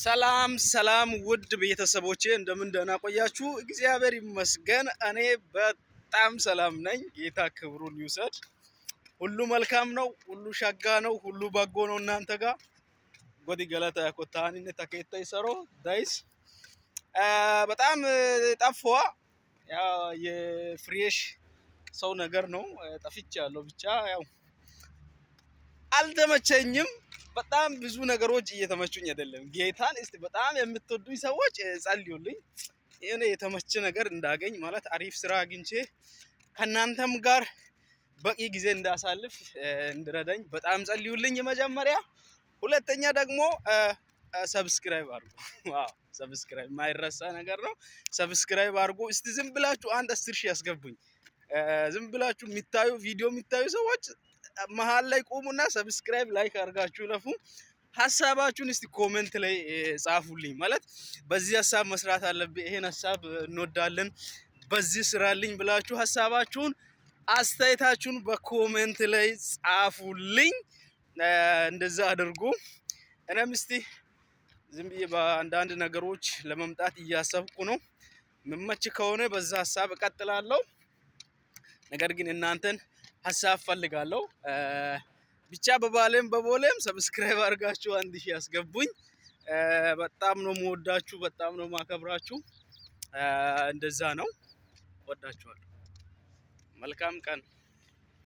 ሰላም ሰላም ውድ ቤተሰቦቼ እንደምን ደህና ቆያችሁ? እግዚአብሔር ይመስገን እኔ በጣም ሰላም ነኝ። ጌታ ክብሩን ይውሰድ። ሁሉ መልካም ነው፣ ሁሉ ሸጋ ነው፣ ሁሉ በጎ ነው። እናንተ ጋር ጎዲ ገለታ ያኮታኒ ተከይታ ይሰሮ ዳይስ በጣም ጠፋ። ያው የፍሬሽ ሰው ነገር ነው ጠፍቻለሁ። ብቻ ያው አልተመቸኝም። በጣም ብዙ ነገሮች እየተመቹኝ አይደለም። ጌታን እስቲ በጣም የምትወዱኝ ሰዎች ጸልዩልኝ፣ የሆነ የተመቸ ነገር እንዳገኝ ማለት አሪፍ ስራ አግኝቼ ከእናንተም ጋር በቂ ጊዜ እንዳሳልፍ እንድረዳኝ በጣም ጸልዩልኝ። የመጀመሪያ ሁለተኛ ደግሞ ሰብስክራይብ አድርጉ። ሰብስክራይብ ማይረሳ ነገር ነው። ሰብስክራይብ አድርጉ። እስቲ ዝም ብላችሁ አንድ አስር ሺህ ያስገቡኝ። ዝም ብላችሁ የሚታዩ ቪዲዮ የሚታዩ ሰዎች መሀል ላይ ቆሙና ሰብስክራይብ ላይክ አድርጋችሁ ለፉ። ሀሳባችሁን እስቲ ኮሜንት ላይ ጻፉልኝ። ማለት በዚህ ሀሳብ መስራት አለብኝ፣ ይሄን ሀሳብ እንወዳለን፣ በዚህ ስራልኝ ብላችሁ ሀሳባችሁን አስተያየታችሁን በኮሜንት ላይ ጻፉልኝ። እንደዛ አድርጉ። እኔም እስቲ ዝም ብዬ በአንዳንድ ነገሮች ለመምጣት እያሰብኩ ነው። ምመች ከሆነ በዛ ሀሳብ እቀጥላለሁ። ነገር ግን እናንተን ሀሳብ ፈልጋለሁ። ብቻ በባሌም በቦሌም ሰብስክራይብ አድርጋችሁ አንድ ሺህ ያስገቡኝ። በጣም ነው መወዳችሁ፣ በጣም ነው ማከብራችሁ። እንደዛ ነው። ወዳችኋለሁ። መልካም ቀን